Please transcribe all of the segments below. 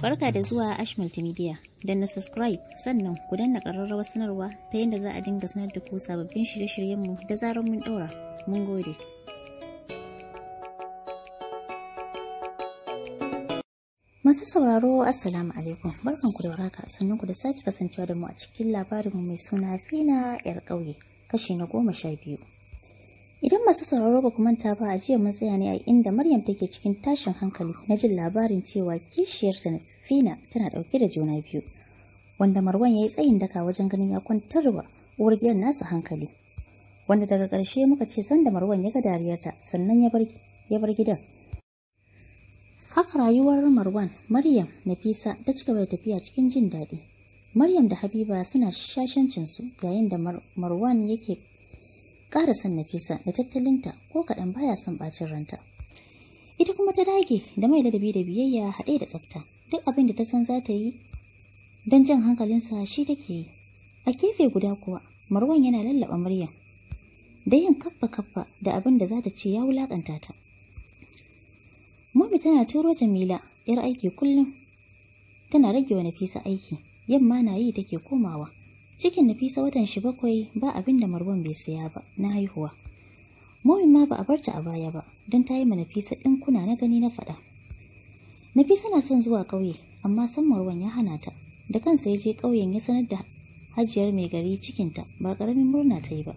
Barka da zuwa Ash Multimedia. Don na subscribe sannan ku danna ƙararrawar sanarwa ta yadda za a dinga sanar da ku sababbin shirye-shiryenmu da zarar mun ɗora. Mun gode. Masu sauraro Assalamu alaikum barkan ku da waraka sannan ku da sake kasancewa da mu a cikin labarinmu mai suna Fina 'yar ƙauye kashi na goma sha biyu. Idan masu sauraro ba ku manta ba a jiya mun tsaya ne a inda Maryam take cikin tashin hankali na jin labarin cewa kishiyarta Fina tana dauke da juna biyu. Wanda Marwan ya yi tsayin daka wajen ganin ya kwantarwa uwar gidan nasa hankali. Wanda daga ƙarshe muka ce sanda Marwan ya ga dariyarta sannan ya bar gidan. Haka rayuwar Marwan, Maryam, Nafisa ta cigaba da tafiya cikin jin daɗi. Maryam da Habiba suna su yayin da Marwan yake ƙara son Nafisa da tattalinta ko kaɗan baya son ɓacin ranta. Ita kuma ta dage da mai ladabi da biyayya haɗe da tsafta duk abin da ta san za ta yi don jan hankalinsa shi take yi. A kefe guda kuwa Marwan yana lallaɓa murya da yin kaffa-kaffa da abin da za ta ce ya wulaƙanta ta. Mummy tana turo Jamila ‘yar aiki kullum tana rage wa Nafisa aiki yamma na yi take komawa. cikin Nafisa watan shi bakwai ba abin da Marwan bai saya ba na haihuwa. mawin ma ba a barta a baya ba don ta yi ma Nafisa ɗin kuna na gani na faɗa. Nafisa na son zuwa ƙauye amma san Marwan ya hana ta da kansa ya je ƙauyen ya sanar da hajiyar mai gari cikinta ba ƙaramin murna ta yi ba.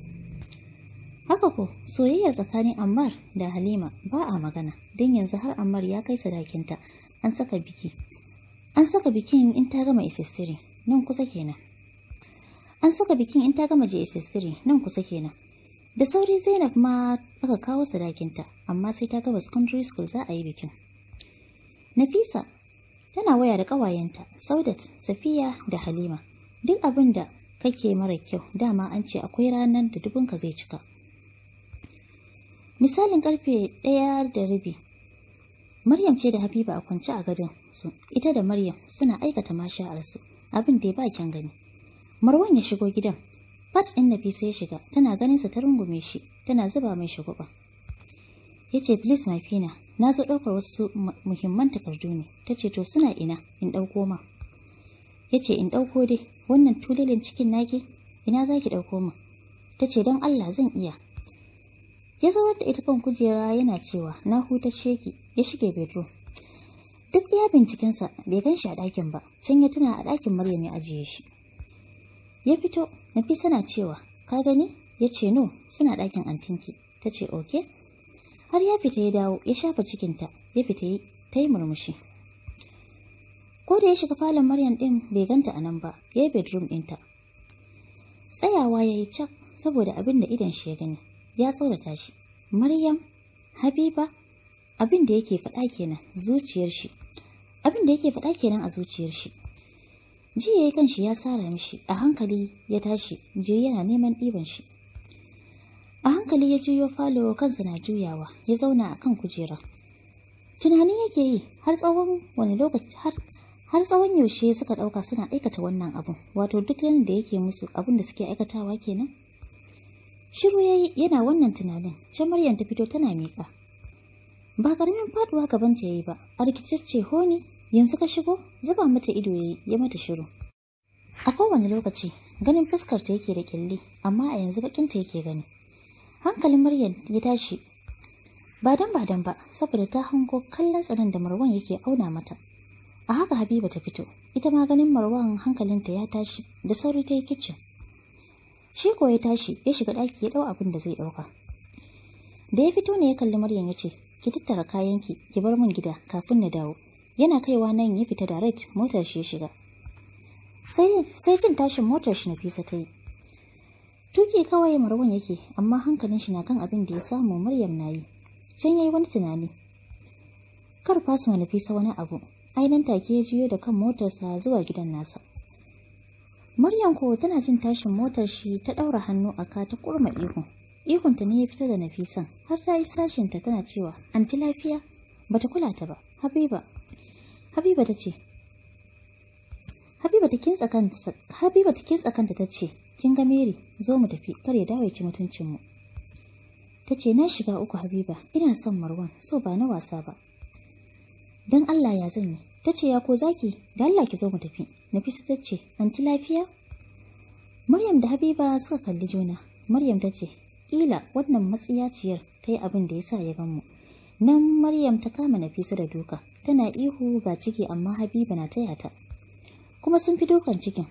Haka ko soyayya tsakanin Ammar da Halima ba a magana don yanzu har Ammar ya kai sadakinta an saka biki. An saka bikin in ta gama isistirin nan kusa kenan. an saka bikin in ta gama jss3 nan kusa kenan da sauri zainab ma aka kawo sadakinta amma sai ta gaba secondary school za a yi bikin nafisa tana waya da kawayenta, saudat safiya da halima duk abin da kake mara kyau dama an ce akwai ranar da dubinka zai cika misalin karfe ɗaya da rabi maryam ce da habiba a kwance a gadon su ita da maryam suna aikata masha'arsu abin da ya ba kyan gani Marwan ya shigo gidan. Fat ɗin Nafisa ya shiga, tana ganin sa ta rungume shi, tana zuba mai shagwaba. Ya ce, Please, my fina, na zo ɗaukar wasu muhimman takardu ne. Ta ce, To, suna ina, in ɗauko ma. Ya ce, In ɗauko dai, wannan tulilin cikin naki, ina za ki ɗauko min. Ta ce, Don Allah zan iya. Ya zo da ita kan kujera yana cewa, Na huta sheki, ya shige bedroom. Duk iya bincikensa bai gan shi a ɗakin ba, can ya tuna a ɗakin Maryam ya ajiye shi. ya fito nafisa na cewa ka gani ya ce no suna ɗakin antinki ta ce oke har ya fita ya dawo ya shafa cikinta ya fita ta yi murmushi ko da ya shiga falon maryam ɗin bai ganta a nan ba ya yi bedroom ɗinta tsayawa ya yi cak saboda abin da idon shi ya gani ya tsorata shi maryam habiba abin da yake faɗa kenan zuciyar shi abin da yake faɗa kenan a zuciyar shi Jiya ya yi kanshi ya sara mishi a hankali ya tashi ji yana neman ɗiban shi a hankali ya juyo falo kansa na juyawa ya zauna a kan kujera tunani yake yi har tsawon wani lokaci har tsawon yaushe suka ɗauka suna aikata wannan abun wato duk ranar da yake musu abun da suke aikatawa kenan shiru ya yi yana wannan tunanin can maryam ta fito tana miƙa ba ƙaramin faɗuwa gaban ta yayi ba a honi yanzu ka shigo zuba mata ido yayi ya mata shiru a kowane lokaci ganin fuskar ta yake da kyalli amma a yanzu bakin ta yake gani hankalin Maryam ya tashi ba dan ba dan ba saboda ta hango kallon tsaron da Marwan yake auna mata a haka Habiba ta fito ita ma ganin Marwan hankalinta ya tashi da sauri ta yi kicin shi ko ya tashi ya shiga ɗaki ya ɗau abin da zai ɗauka da ya fito ne ya kalli Maryam ya ce ki tattara kayanki ki bar mun gida kafin na dawo yana kaiwa nan ya fita direct motar shi ya shiga sai jin tashin motar shi nafisa ta yi tuki kawai marwan yake amma hankalin shi na kan abin da ya samu maryam na yi can ya yi wani tunani kar mana nafisa wani abu ainihin take ya jiyo da kan motarsa zuwa gidan nasa maryam ko tana jin tashin motar shi ta ɗaura hannu a ka ta kurma ihu ihunta ne ya fito da nafisan har ta yi sashinta tana cewa anti lafiya bata kula ta ba habiba Habiba ta ce, Habiba ta kinsa kanta, ta ce, kin ga Mary, zo mu tafi, kar ya dawo ya ci mutuncin Ta ce na shiga uku Habiba, ina son Marwan, so ba na wasa ba. Don Allah ya zan yi. Ta ce ya ko zaki, da Allah ki zo mu tafi. Nafisa ta ce, anti lafiya? Maryam da Habiba suka kalli juna. Maryam ta ce, ƙila wannan matsiyaciyar ta yi abin da ya sa ya gan mu. Nan Maryam ta kama Nafisa da duka, tana ihu ga ciki amma habiba na taya ta kuma sun fi dukan cikin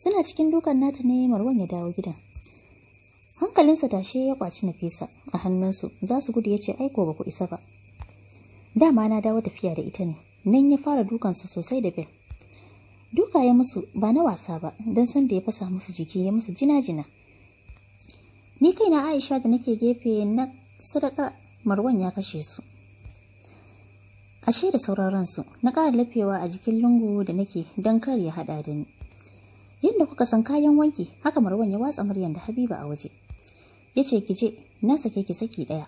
suna cikin dukan nata ne marwan ya dawo gidan hankalinsa tashe ya kwaci nafisa a hannunsu za su gudu ya ce aiko ba ku isa ba dama na dawo tafiya da ita ne nan ya fara dukansu sosai da bel duka ya musu ba na wasa ba don san da ya fasa musu jiki ya musu jina-jina ni kaina aisha da nake gefe na sadaka marwan ya kashe su ashe da sauraron su na ƙara lafewa a jikin lungu da nake don kar ya hada da ni yadda kuka san kayan wanki haka marwan ya watsa muryan da habiba a waje ya ce ki je na sake ki saki ɗaya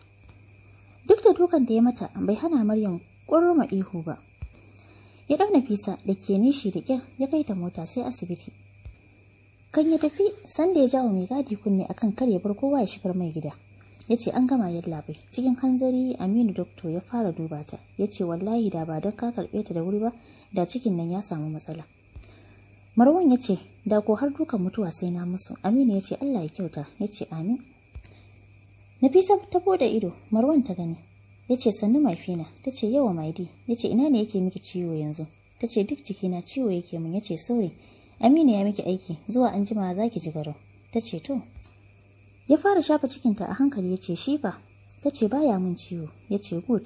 duk da dukan da ya mata bai hana maryam kurma ihu ba ya dauna fisa da ke nishi da kyar, ya kai ta mota sai asibiti kan ya tafi sanda ya jawo mai gadi kunne akan kar ya bar kowa ya shigar mai gida ya ce an gama yallaɓai cikin hanzari aminu doktor ya fara duba ta ya ce wallahi da ba don ka karɓe ta da wuri ba da cikin nan ya samu matsala marwan ya ce da ko har dukan mutuwa sai na musu aminu ya ce allah ya kyauta ya ce amin nafisa ta bude ido marwan ta gani ya ce sannu maifina ta ce yawa maidi ya ce ina ne yake miki ciwo yanzu ta ce duk jikina ciwo yake min ya ce aminu ya miki aiki zuwa anjima, jima za ki ji garau. ta ce to ya fara shafa cikinta a hankali ya ce shi ba ta ce baya mun ciwo ya ce gud.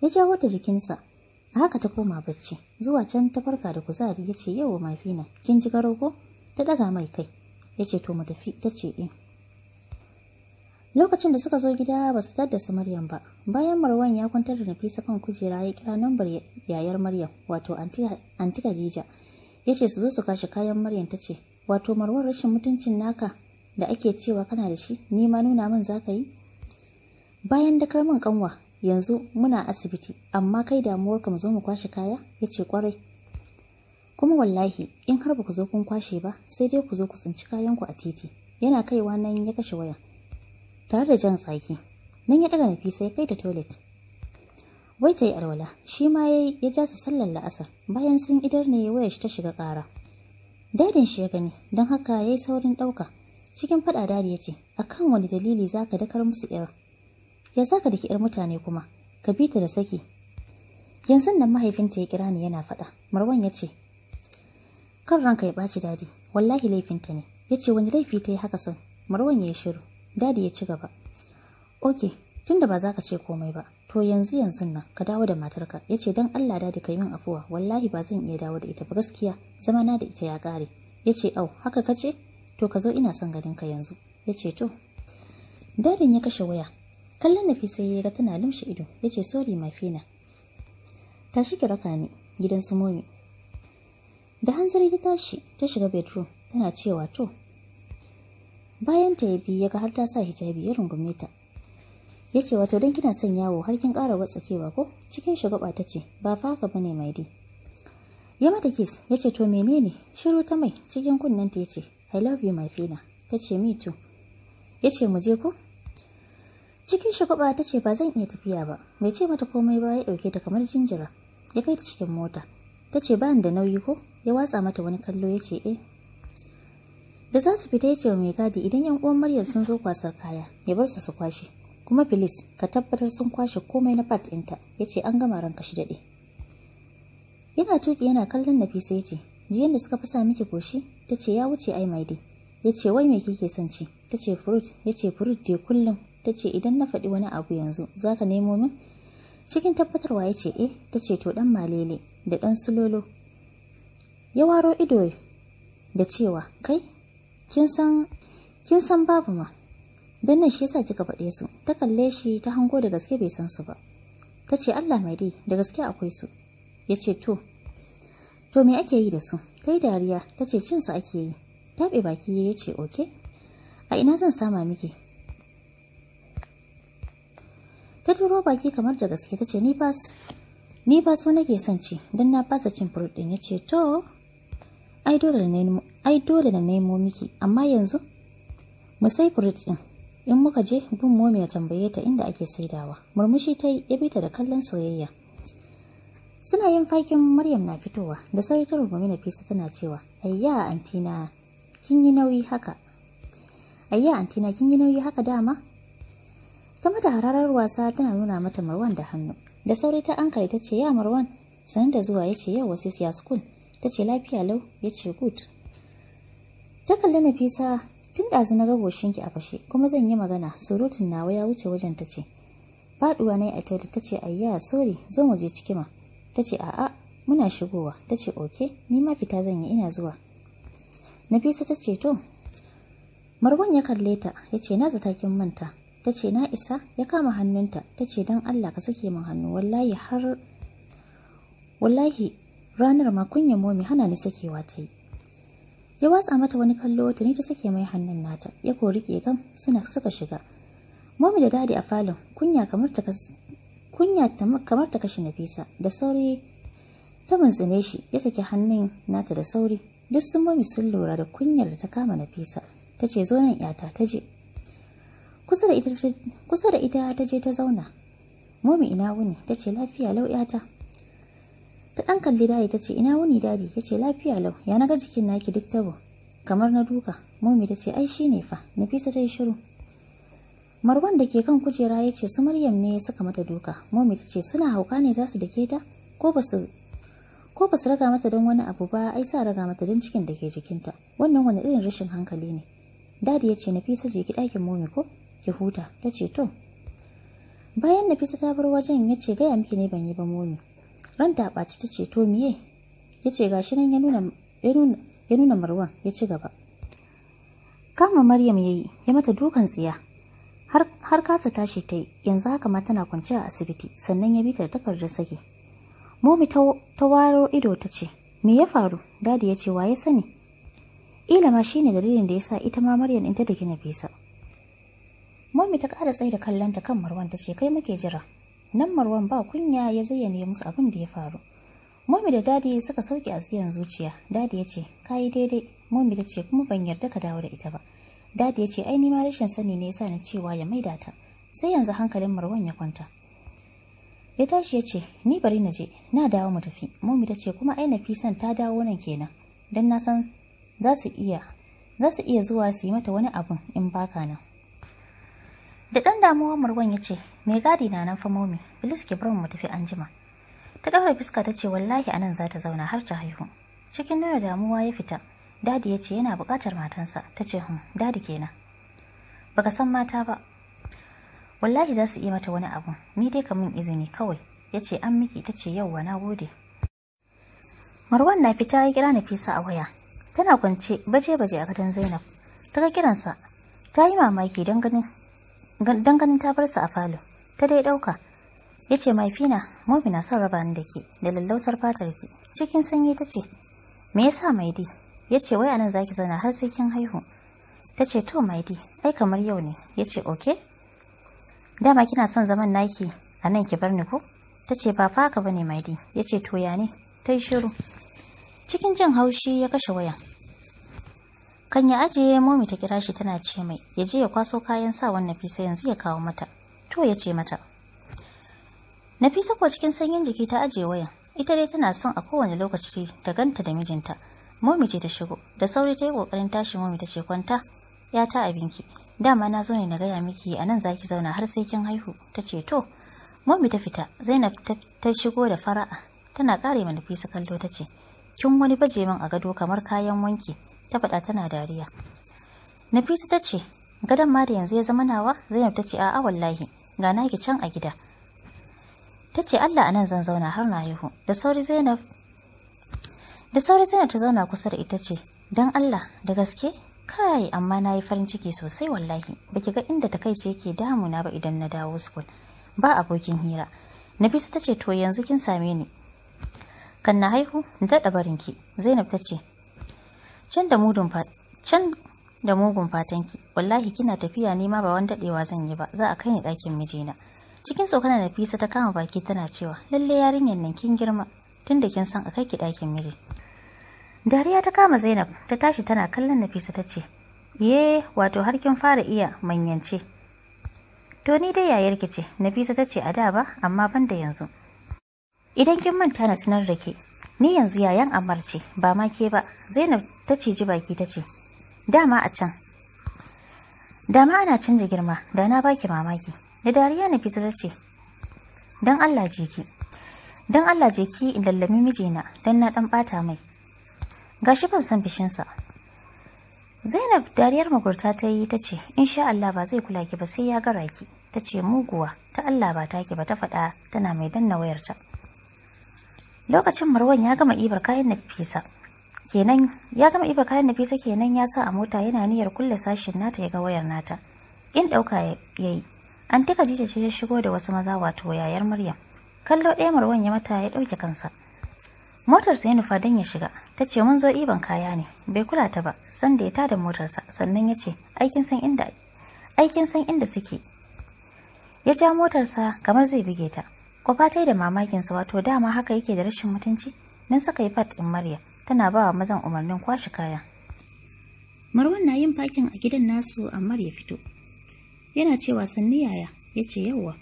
ya jawo wata jikinsa a haka ta koma bacci zuwa can ta farka da kuzari ya ce yawo mafina kin ji garo ko ta daga mai kai ya ce to mu tafi ta ce in eh. lokacin da suka zo gida ba su tadda maryam ba bayan marwan ya kwantar da nafisa kan kujera ya kira nambar yayar maryam wato anti khadija ya ce su zo su kashe kayan maryam ta ce wato marwan rashin mutuncin naka da ake cewa kana da shi ni ma nuna min za ka yi bayan da karmin kanwa yanzu muna asibiti amma kai damuwar ka mu zo mu kwashe kaya yace kwarai kuma wallahi in har ba ku zo kun kwashe ba sai dai ku zo ku tsinci kayan ku a titi yana kaiwa nan ya kashe waya tare da jan tsaki nan ya daga nafi sai kai ta toilet wai ta yi alwala shi ma ya ya ja su sallar la'asar bayan sun idar ne wayar shi ta shiga kara dadin shi ya gani don haka ya yi saurin ɗauka cikin faɗa dadi ya ce akan wani dalili za ka dakar musu ƴar. ya za ka daki yar mutane kuma ka bi ta da saki yanzu nan mahaifinta ya kira ni yana faɗa marwan ya ce kan ranka ya ɓaci dadi wallahi laifinta ne ya ce wani laifi ta yi haka son marwan ya shiru dadi ya ci gaba ok tunda ba za ka ce komai ba to yanzu yanzu nan ka dawo da matarka ya ce don allah dadi ka yi min afuwa wallahi ba zan iya dawo da ita ba gaskiya Zama na da ita ya kare. ya ce au haka ka ce to ka zo ina son ganin ka yanzu ya ce to dadin ya kashe waya kallon nafi yaga ya ga tana lumshe ido ya ce sorry mafina tashi ki raka ni gidan su momi da hanzari ta tashi ta shiga bedroom tana cewa to bayan ta yabi ya ga har ta sa hijabi ya rungume ta ya ce wato don kina son yawo har kin watsa watsakewa ko cikin shagaba ta ce ba fa haka bane mai dai ya mata kis ya ce to menene shiru ta mai cikin kunnen ta ya ce I love you my fina ta ce me too ya ce mu je ko cikin shagwaba ta ce ba zan iya tafiya ba Me ce mata komai ba ya ɗauke ta kamar jinjira ya kai ta cikin mota ta ce ba da nauyi ko ya watsa mata wani kallo ya ce eh da za su fita ya ce wa mai gadi idan yan uwan maryam sun zo kwasar kaya ya bar su su kwashe kuma filis ka tabbatar sun kwashe komai na part ɗinta ya ce an gama ranka shi daɗe yana tuki yana kallon nafisa ya ce jiyan da suka fasa miki goshi ta ce ya wuce ai dai ya ce wai me kike son ci ta ce fruit ya ce fruit dai kullum ta ce idan na faɗi wani abu yanzu za ka nemo min cikin tabbatarwa ya ce eh ta ce to ɗan malele da ɗan sulolo ya waro ido da cewa kai kin san kin san babu ma dan nan shi yasa kika faɗe su ta kalle shi ta hango da gaske bai san su ba ta ce Allah mai dai da gaske akwai su ya ce to to me ake yi da su Kai dariya ta ce cinsa ake yi taɓe baki ya ce oke a ina zan sama miki ta turo baki kamar da gaske ta ce ni bas ni ba so nake son ci don na fasa cin furut ɗin ya ce to ai dole na nemo miki amma yanzu mu sai furut ɗin in muka je bin momi ya tambaye ta inda ake saidawa murmushi ta yi ya bita da kallon soyayya suna yin fakin maryam na fitowa da sauri ta rungumi na fisa tana cewa ayya antina kin yi nauyi haka ayya antina kin yi nauyi haka dama ta mata hararar wasa tana nuna mata marwan da hannu da sauri ta ankare ta ce ya marwan sanin da zuwa ya ce yau wasu siya school ta ce lafiya lau ya ce good ta kalli nafisa tun ɗazu na gagoshinki a fashe kuma zan yi magana surutun nawa ya wuce wajen ta ce faɗuwa na yi a tauri ta ce ayya sorry zo mu je cikima ta ce a'a muna shigowa ta ce oke ni ma fita zan yi ina zuwa nafisa ta ce to marwan ya kalle ta ya ce na zatakin manta ta ce na isa ya kama hannunta ta ce don allah ka sake min hannu wallahi har wallahi ranar ma kunya momi hana ni sakewa ta yi ya watsa mata wani kallo wata tuni ta sake mai hannun nata ya kori gam suna suka shiga momi da dadi a falon kunya kamar ta kunya kamar ta kashe nafisa da sauri ta buntsune shi ya saki hannun nata da sauri duk sun mami sun lura da kunyar da ta kama nafisa ta ce zo nan yata ta je kusa da ita ta je ta zauna momi ina wuni ta ce lafiya lau yata ta ɗan kalli dadi ta ce ina wuni dadi ya ce lafiya lau ya naga jikin naki duk tabo kamar na duka momi ta ce ai shi ne fa nafisa ta yi shiru marwan da ke kan kujera ya ce su maryam ne suka mata duka momi ta ce suna hauka ne za su dake ta ko ba su ko ba su raga mata don wani abu ba ai sa raga mata don cikin da ke jikinta wannan wani irin rashin hankali ne dadi ya ce nafisa je ki ɗakin momi ko ki huta ta ce to bayan nafisa ta bar wajen ya ce gaya miki ne ban yi ba momi ranta ɓaci ta ce to miye ya ce gashi nan ya nuna ya nuna marwan ya ci gaba kama maryam ya yi ya mata dukan tsiya har kasa tashi ta yi yanzu haka ma tana kwanci a asibiti sannan ya bi ta takardar sake momi ta waro ido ta ce me ya faru dadi ya ce wa ya sani ila ma shine dalilin da ya sa ita ma maryam in ta gina na fesa momi ta kara tsaye da kallonta kan marwan ta ce kai muke jira nan marwan ba kunya ya zayyane musu abin da ya faru momi da dadi suka sauke a zuciya dadi ya ce kayi daidai momi ta ce kuma ban yarda ka dawo da ita ba dadi ya ce ai ni ma rashin sani ne yasa na cewa ya maida ta sai yanzu hankalin marwan ya kwanta ya tashi ya ce ni bari na je na dawo mu tafi momi ta ce kuma ai na fi nafisan ta dawo nan kenan don na san za su iya za su iya zuwa su yi mata wani abu in baka nan da ɗan damuwa marwan ya ce mai gadi na nan fa momi bilis ki mu tafi anjima ta kafa fuska ta ce wallahi anan za ta zauna har ta haihu cikin nuna damuwa ya fita dadi ya ce yana bukatar matansa ta ce hun hmm, dadi kenan baka san mata ba wallahi za su yi mata wani abu ni dai ka izini kawai ya ce an miki ta ce yauwa na gode marwan na fita ya kira nafisa a waya tana kwance baje baje a gadon zainab ta ga kiransa ta yi mamaki don ganin ta bar sa a falo ta dai ɗauka ya ce mahaifina na son raba ni da ke da lallausar fatar ki cikin sanyi ta ce me yasa dai ya ce wai anan zaki zauna har sai kin haihu ta ce to maidi ai kamar yau ne ya ce oke dama kina son zaman naki anan ki bar ni ko ta ce ba ka ba ne maidi ya ce to ya ne ta yi shiru cikin jin haushi ya kashe wayan. kan ya ajiye momi ta kira shi tana ce mai ya je ya kwaso kayan sa wannan fisa yanzu ya kawo mata to ya ce mata Nafisa ko cikin sanyin jiki ta ajiye wayan ita dai tana son a kowane lokaci ta ganta da mijinta momi ce ta shigo da sauri ta yi kokarin tashi momi ta ce kwanta ya ta abinki dama na zo ne na gaya miki a nan zaki zauna har sai kin haihu ta ce to momi ta fita zainab ta shigo da fara'a tana kare mana fisa kallo ta ce kin wani baje min a gado kamar kayan wanki ta faɗa tana dariya nafisa ta ce gadon ma da yanzu ya zama nawa zainab ta ce a'a wallahi ga naki can a gida ta ce allah anan zan zauna har na haihu da sauri zainab da sauri tana ta zauna kusa da ita ce don allah da gaske kai amma na yi farin ciki sosai wallahi baki ga inda ta kaice ke damuna ba idan na dawo school ba abokin hira nafisa ta ce to yanzu kin same ni kan na haihu na daɗa ki. zainab ta ce can da mudun can da mugun fatanki wallahi kina tafiya ne ma ba wani daɗewa zan yi ba za a kai ni ɗakin mijina cikin tsokana nafisa ta kama baki tana cewa lalle yarinyar nan kin girma tunda kin san a kai ki ɗakin miji dariya ta kama zainab ta tashi tana kallon nafisa ta ce ye wato har kin fara iya manyance to ni dai yayar ki ce nafisa ta ce a da ba amma ban da yanzu idan kin manta na tunar da ke ni yanzu yayan amar ce ba ma ke ba zainab ta ce ji baki ta ce dama a can dama ana canja girma da na baki mamaki da dariya nafisa ta ce don allah je ki don allah jeki in lallami mijina don na dan bata mai gashi ban san fishinsa zainab dariyar magurta ta yi ta ce insha allah ba zai kula ki ba sai ya gara ki ta ce muguwa ta allah ba ta ki ba ta faɗa tana mai danna wayarta lokacin marwan ya gama ibar kayan nafisa kenan ya gama ibar kayan nafisa kenan ya sa a mota yana niyyar kulle sashin nata ya ga wayar nata in ɗauka ya yi an tika jita ce ya shigo da wasu maza wato yayar maryam kallo ɗaya marwan ya mata ya ɗauke kansa motarsa ya nufa don ya shiga ta ce mun zo iban kaya ne bai kula ta ba sanda ya tada motarsa sannan ya ce aikin san inda aikin san inda suke ya ja motarsa kamar zai buge ta kwafa ta da mamakinsa wato dama haka yake da rashin mutunci nan suka yi fat ɗin Maryam tana ba wa mazan umarnin kwashi kaya Marwan na yin fakin a gidan nasu amma ya fito yana cewa sanni yaya ya ce yauwa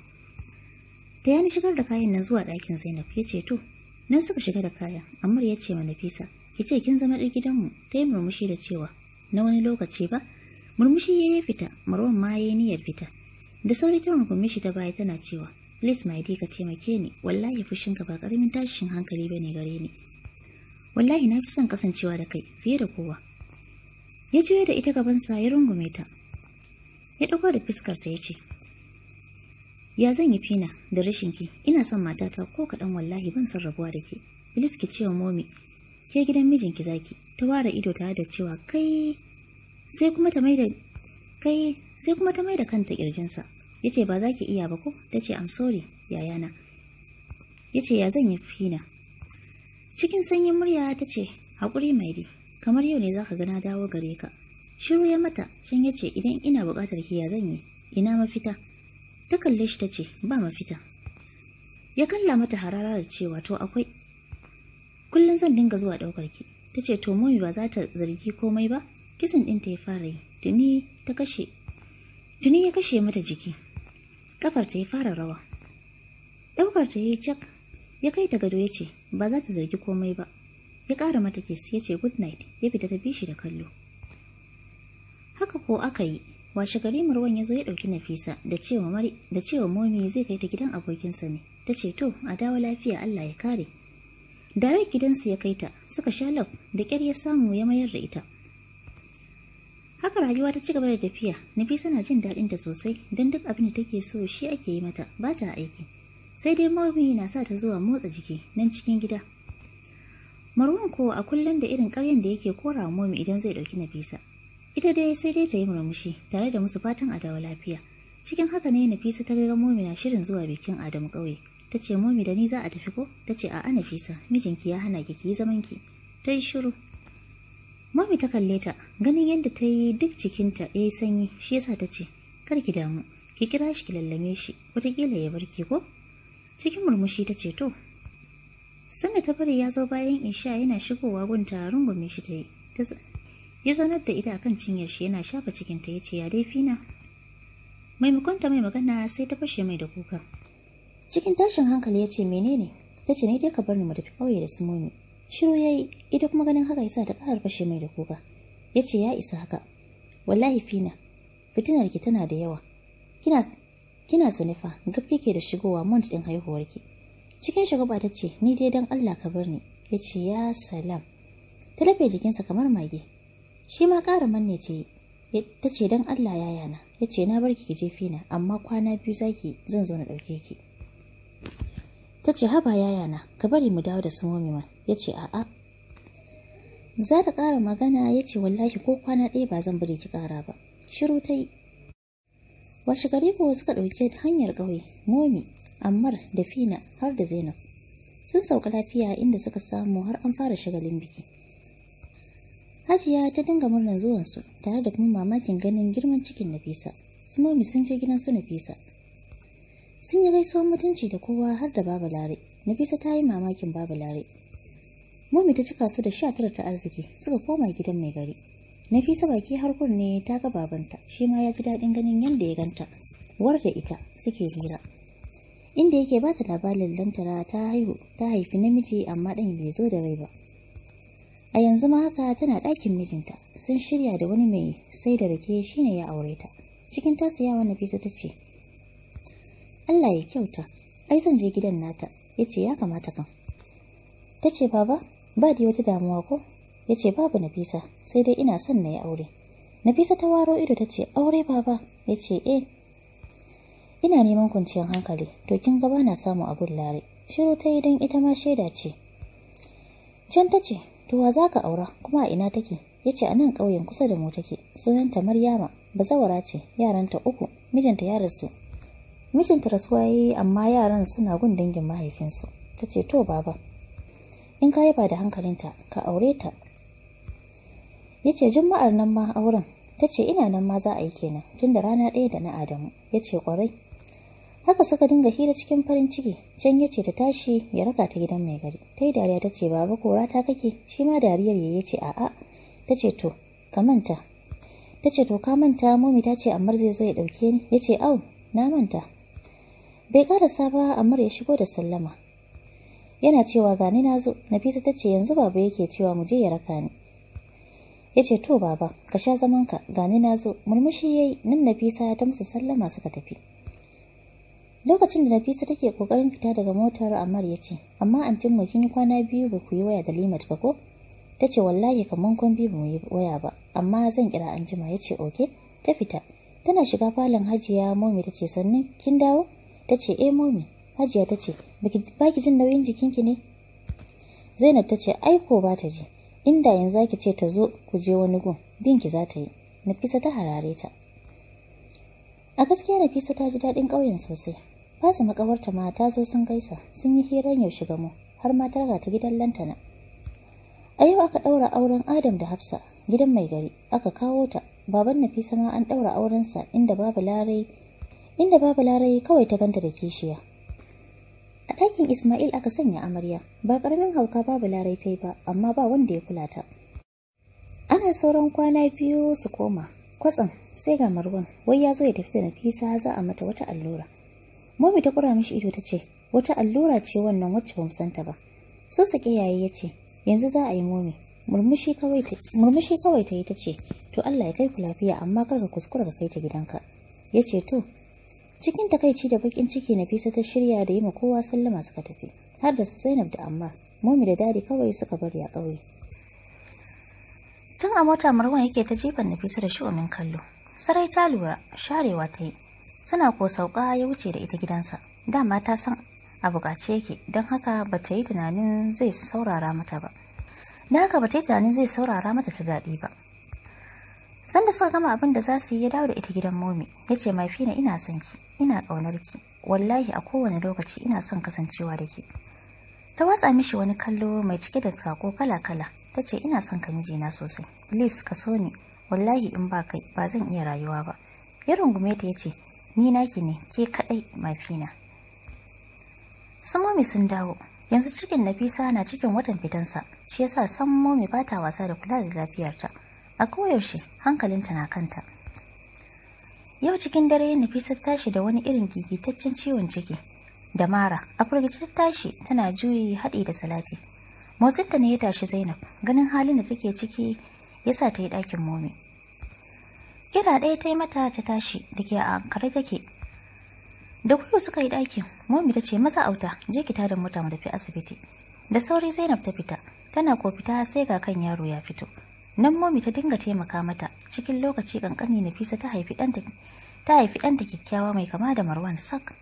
ta ni shigar da kayan nan zuwa dakin Zainab ya ce to nan suka shiga da kaya amur ya ce wa nafisa ki ce kin zama ɗan gidanmu ta yi murmushi da cewa na wani lokaci ba murmushi ya yi fita marwan ma ya yi niyyar fita da sauri ta rungume shi ta baya tana cewa please my dear ka taimake ni wallahi fushinka ba karamin tashin hankali ne gare ni wallahi na fi son kasancewa da kai fiye da kowa ya juya da ita gabansa ya rungume ta ya ɗauko da fuskar ta ya ce ya zan yi fina da rashin ki ina son matata ko kaɗan wallahi ban san rabuwa da ke bilis ki cewa momi ke gidan mijinki zaki ta ware ido tare da cewa kai sai kuma ta da kai sai kuma ta maida kanta kirjinsa yace ba za ki iya ba ko tace am sorry yayana yace ya zan yi fina cikin sanyin murya tace hakuri mai di kamar yau ne zaka ga na dawo gare ka shiru ya mata can yace idan ina buƙatar ki ya zan yi ina mafita ta kalle shi ta ce ba mafita ya kalla mata harara da cewa to akwai kullum zan dinga zuwa ɗaukar ki ta ce to momi ba za ta zargi komai ba kisan ta ya fara yi tuni ta kashe tuni ya kashe mata jiki kafar ta ya fara rawa ɗaukar ta yi cak ya kai ta gado ya ce ba za ta zargi komai ba ya ƙara mata kes ya ce good night ya fita ta bi shi da kallo haka ko aka yi washe gari marwan ya zo ya ɗauki nafisa da cewa momi zai kai ta gidan abokinsa ne ta ce to a dawo lafiya allah ya kare darar su ya kai ta suka sha lau da kyar ya samu ya mayar da ita haka rayuwa ta ci gaba da tafiya nafisa na jin daɗin ta sosai don duk abin da take so shi ake yi mata ba ta aiki sai dai momi na sa ta zuwa motsa jiki nan cikin gida marwan ko a kullum da irin ƙaryan da yake kora momi idan zai ɗauki nafisa ita dai sai dai ta yi murmushi tare da musu fatan a dawo lafiya cikin haka ne nafisa ta ga momi na shirin zuwa bikin adamu ƙauye ta ce momi da ni za a tafi ko ta ce a'a nafisa mijinki ya hana ki ki zaman ki ta yi shiru momi ta kalle ta ganin yadda ta yi duk cikinta ya yi sanyi shi yasa ta ce kar ki damu ki kira shi ki lallame shi wataƙila ya bar ki ko cikin murmushi ta ce to sanda ta bari ya zo bayan isha yana shigowa gun taron gume shi ta yi ya zaunar da ita akan cinyar shi yana shafa cikinta ya ce ya dai fina Mai mukanta mai magana sai ta fashe mai da kuka cikin tashin hankali ya ce menene ta ce ne dai ka bar ni mu tafi kauye da su momi shiru ya yi ita kuma ganin haka yasa ta ƙara fashe mai da kuka ya ce ya isa haka wallahi fina fitinar ki tana da yawa kina kina sanifa gab kike da shigowa mont din haihuwarki cikin shagaba ta ce ni dai dan Allah ka bar ni ya ce ya salam ta lafe jikinsa kamar mage shi ma ƙara manne ce ta ce don Allah ya yana ya ce na barki ki jefi na amma kwana biyu zaki zan zo na ɗauke ki ta ce haba ya yana ka bari mu dawo da sumomi man ya ce a'a za ta ƙara magana ya ce wallahi ko kwana ɗaya ba zan bari ki ƙara ba shiru ta yi washe gari ko suka ɗauke hanyar ƙauye momi ammar da fina har da zainab sun sauka lafiya inda suka samu har an fara shagalin biki Hajiya ta dinga murnar zuwansu tare da kuma mamakin ganin girman cikin Nafisa. Su mami sun je gidan su Nafisa. Sun yi gaisuwar mutunci da kowa har da Baba Lare. Nafisa ta yi mamakin Baba Lare. Mami ta cika su da sha tara ta arziki suka koma gidan mai gari. Nafisa baki har kunne ta ga babanta shi ma ya ji daɗin ganin yadda ya ganta. War da ita suke hira. Inda yake ba ta labarin lantara ta haihu ta haifi namiji amma ɗan bai zo da rai ba. a yanzu ma haka tana ɗakin mijinta sun shirya da wani mai sai da rake shine ya aure ta cikin tausayawa nafisa ta ce allah ya kyauta ai zan je gidan nata ya ce ya kamata kan ta ce baba ba da wata damuwa ko ya ce babu nafisa sai dai ina son na yi aure nafisa ta waro ido ta ce aure baba ya ce eh ina neman kwanciyar hankali to kin gaba na samu abun lare shiru ta yi don ita ma shaida ce can ta ce to wa za ka aura kuma a ina take ya ce a nan ƙauyen kusa da mu take sunanta maryama bazawara ce yaranta uku mijinta ya rasu mijinta rasuwa ya yi amma yaran suna gun dangin mahaifinsu ta ce to baba in ka ba da hankalinta ka aure ta ya ce juma'ar nan ma auren ta ce ina nan ma za a yi kenan tun da rana ɗaya da na adamu ya ce ƙwarai haka suka dinga hira cikin farin ciki can ya ce ta tashi ya raka ta gidan mai gari ta yi dariya ta ce baba kora ta kake shi ma dariyar ya ce a'a ta ce to ka manta ta ce to ka manta momi ta ce ammar zai zo ya ɗauke ni ya ce au na manta bai karasa ba ammar ya shigo da sallama yana cewa gani na zo nafisa ta ce yanzu baba yake cewa mu je ya raka ni ya ce to baba ka sha zamanka gani na zo murmushi ya yi nan nafisa ta musu sallama suka tafi lokacin da nafisa take kokarin fita daga motar amar ya ce amma antin mu kin kwana biyu ba ku yi waya da limat ba ko ta ce wallahi kaman kwan biyu ba mu yi waya ba amma zan kira anjima ya ce oke ta fita tana shiga falon hajiya momi ta ce sannan kin dawo ta ce eh momi hajiya ta ce ba ki jin nauyin jikinki ne zainab ta ce ai ko ba ta ji inda yanzu zaki ce ta zo ku je wani gun binki za ta yi nafisa ta harare ta a gaskiya nafisa ta ji daɗin ƙauyen sosai su makawarta ma ta zo sun gaisa, sun yi hirar yaushe mu, har ma ta ta gidan lantana. A yau aka ɗaura auren Adam da Hafsa, gidan mai gari, aka kawo ta, baban Nafisa ma an ɗaura aurensa inda babu larai, inda babu larai kawai ta ganta da kishiya. A ɗakin Ismail aka sanya amarya, ba ƙaramin hauka babu larai ta yi ba, amma ba wanda ya kula ta. Ana sauran kwana biyu su koma, kwatsam sai ga Marwan, wai ya zo ya tafi da Nafisa za a mata wata allura. Momi ta kura mishi ido ta ce, wata allura ce wannan wacce ba mu santa ba. So sake yayi ya ce, yanzu za a yi momi. Murmushi kawai ta yi ta ce, to Allah ya kai ku lafiya amma kar ka kuskura ka kai ta gidanka. Ya ce to, cikin takaici da bakin ciki Nafisa ta shirya da yi ma kowa sallama suka tafi, har da su Zainab da Ammar, momi da dadi kawai suka bari a ƙauye. Tun a mota Marwan yake ta jifan Nafisa da shi'umin kallo. Sarai ta lura, sharewa ta yi, suna ko sauka ya wuce da ita gidansa dama ta san a bukace yake don haka ba ta yi tunanin zai saurara mata ba da haka ba ta yi tunanin zai saurara mata ta daɗi ba sanda suka gama abin da za su yi ya dawo da ita gidan momi ya ce mafina ina son ki ina ƙaunar ki wallahi a kowane lokaci ina son kasancewa da ke ta watsa mishi wani kallo mai cike da sako kala-kala ta ce ina son ka mijina sosai please ka so ni wallahi in ba kai ba zan iya rayuwa ba ya rungume ta ya ce ni naki ne ke kadai mafina su momi sun dawo yanzu cikin nafisa na cikin watan fitansa shi yasa san momi ba ta wasa da kula da lafiyarta a koyaushe hankalinta na kanta yau cikin dare nafisa ta tashi da wani irin gigitaccen ciwon ciki da mara a ta tashi tana juyi haɗi da salati motsinta ne ya tashi zainab ganin halin da take ciki yasa ta yi ɗakin momi Kira ɗaya ta yi mata ta tashi da ke a kare take. Da kullu suka yi ɗakin, Momi ta ce masa auta, je ki tada mota mu tafi asibiti. Da sauri Zainab ta fita, tana ko fita sai ga kan yaro ya fito. Nan Momi ta dinga taimaka mata, cikin lokaci kankani Nafisa ta haifi ɗanta ta haifi ɗanta kyakkyawa mai kama da Marwan Sak.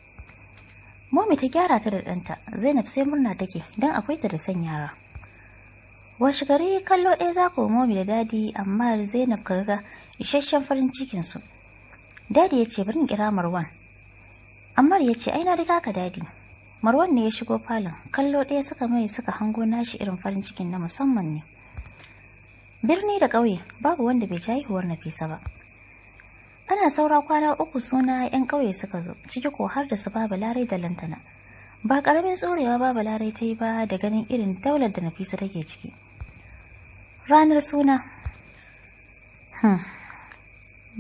Momi ta gyara ta da ɗanta, Zainab sai murna take dan akwai ta da son yara. Washe gari kallo ɗaya za ku Momi da dadi amma Zainab ka ga isasshen farin cikinsu dadi ya ce bari kira marwan ammar ya ce ai riga ka dadi marwan ne ya shigo falon kallo ɗaya suka mai suka hango nashi irin farin cikin na musamman ne birni da ƙauye babu wanda bai ci haihuwar nafisa ba ana saura kwana uku suna 'yan ƙauye suka zo ciki ko har da su babu larai da lantana ba ƙaramin tsorewa babu larai ta yi ba da ganin irin daular da nafisa take ciki ranar suna hmm.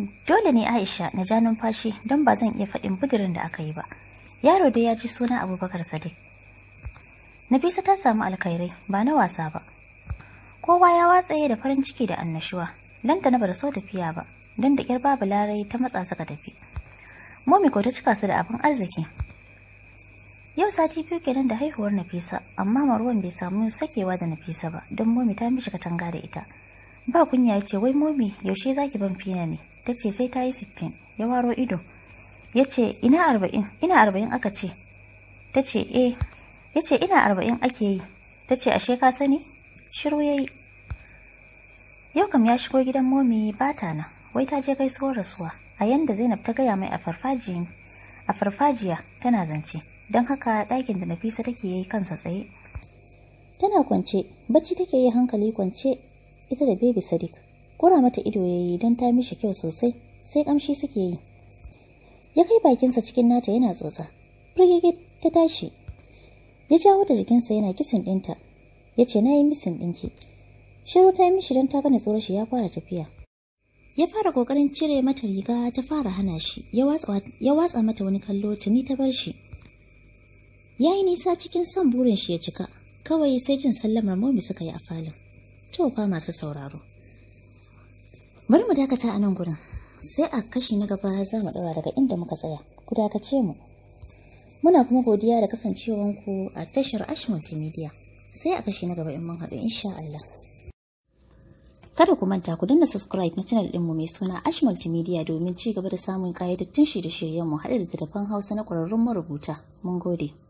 Dole ne Aisha na ja numfashi don ba zan iya faɗin budurin da aka yi ba. Yaro dai ya ji suna Abubakar Sadiq. Nafisa ta samu alkhairai ba na wasa ba. Kowa ya watsaye da farin ciki da annashuwa. Lanta na bar so tafiya ba, don da kyar babu larai ta matsa suka tafi. Momi ko ta cika su da abin arziki. Yau sati biyu kenan da haihuwar Nafisa, amma Marwan bai samu sakewa da Nafisa ba, don Momi ta mishi katanga da ita. Ba kunya ya ce, wai Momi, yaushe zaki ban fina?" ne? ta ce sai ta yi sittin ya waro ido ya ce ina arba'in ina arba'in aka ce ta ce eh ya ce ina arba'in ake yi ta ce ashe ka sani shiru ya yi yau kam ya shigo gidan momi ba ta nan wai ta je gaisuwar rasuwa a yanda zainab ta gaya mai a farfajiya tana zance don haka ɗakin da nafisa take yi kansa tsaye tana kwance bacci take yi hankali kwance ita da baby sadiq kura mata ido ya yi don ta mishi kyau sosai sai kamshi suke yi ya kai bakinsa cikin nata yana tsotsa firgige ta tashi ya jawo da jikinsa yana kisan ɗinta yace ce na misin ɗinki shiru ta yi mishi don ta gane tsoron shi ya fara tafiya ya fara kokarin cire mata riga ta fara hana shi ya watsa mata wani kallo tuni ta bar shi ya yi nisa cikin son burin shi ya cika kawai sai jin sallamar momi suka yi a falin to kwa masu sauraro bari mu dakata a nan gurin sai a kashi na gaba za mu ɗaura daga inda muka tsaya ku dakace mu muna kuma godiya da kasancewanku a tashar ash multimedia sai a kashi na gaba in mun haɗu insha Allah kada ku manta ku danna subscribe na channel ɗinmu mai suna ash multimedia domin ci gaba da samun ƙayyadattun shirye-shiryenmu haɗe da tattafan hausa na ƙwararrun marubuta mun gode